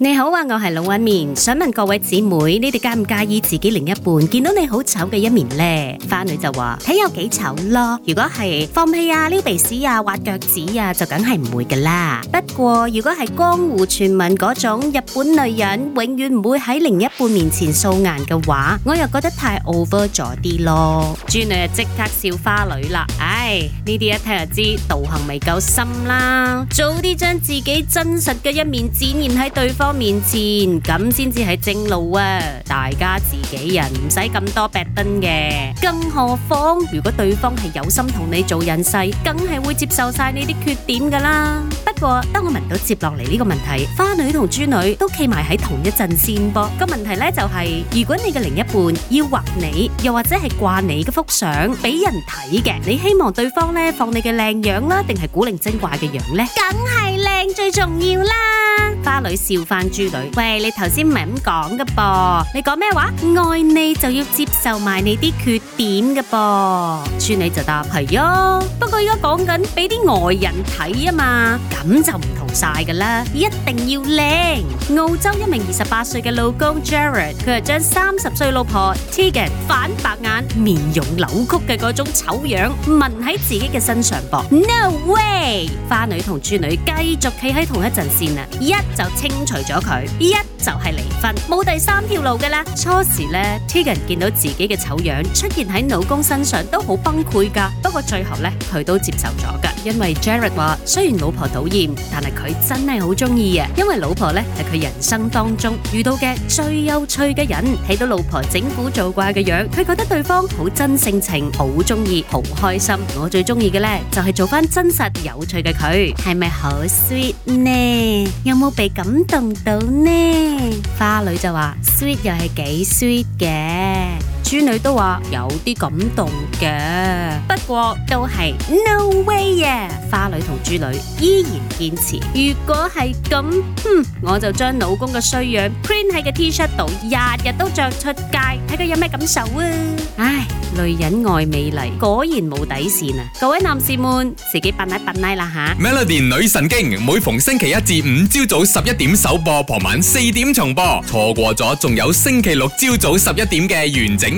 你好啊，我係龍紋敏，想問各位姊妹，你哋介唔介意自己另一半見到你好醜嘅一面呢？花女就話睇有幾醜咯，如果係放屁啊、撩鼻屎啊、挖腳趾啊，就梗係唔會噶啦。不過如果係江湖傳聞嗰種日本女人永遠唔會喺另一半面前素顏嘅話，我又覺得太 over 咗啲咯。豬女就即刻笑花女啦，唉、哎，呢啲一睇就知道，道行未夠深啦，早啲將自己真實嘅一面展現喺對方面前咁先至係正路啊！大家自己人唔使咁多白燈嘅，更何況如果對方係有心同你做人世，梗係會接受晒呢啲缺點噶啦。不過當我問到接落嚟呢個問題，花女同豬女都企埋喺同一陣線噃。個問題呢就係、是，如果你嘅另一半要畫你，又或者係掛你嘅幅相俾人睇嘅，你希望對方呢放你嘅靚樣啦，定係古靈精怪嘅樣呢？梗係靚最重要啦！花女笑翻豬女，喂，你頭先唔係咁講噶噃？你講咩話？愛你就要接受埋你啲缺點噶噃。豬女就答係喲。哦、不過而家講緊俾啲外人睇啊嘛，咁就唔同晒噶啦，一定要靚。澳洲一名二十八歲嘅老公 Jared，佢就將三十歲老婆 Tegan 反白眼、面容扭曲嘅嗰種醜樣紋喺自己嘅身上噃。No way！花女同豬女繼續企喺同一陣線啦。一就清除咗佢，一就係離婚，冇第三條路噶啦。初時咧，Tegan 見到自己嘅醜樣出現喺老公身上，都好崩潰噶。不過最後咧，佢都接受咗噶。因為 Jared 話，雖然老婆討厭，但係佢真係好中意嘅。因為老婆咧係佢人生當中遇到嘅最有趣嘅人。睇到老婆整蠱做怪嘅樣，佢覺得對方好真性情，好中意，好開心。我最中意嘅咧就係做翻真實有趣嘅佢，係咪好 sweet 呢？有冇被感動到呢？花女就話 sweet 又係幾 sweet 嘅。豬女都話有啲感動嘅，不過都係 no way 呀！花女同豬女依然堅持，如果係咁，哼，我就將老公嘅衰樣 print 喺個 T 恤度，日日都着出街，睇佢有咩感受啊！唉，女人愛美麗，果然冇底線啊！各位男士們，自己伯奶伯奶啦吓！Melody 女神經，每逢星期一至五朝早十一點首播，傍晚四點重播，錯過咗仲有星期六朝早十一點嘅完整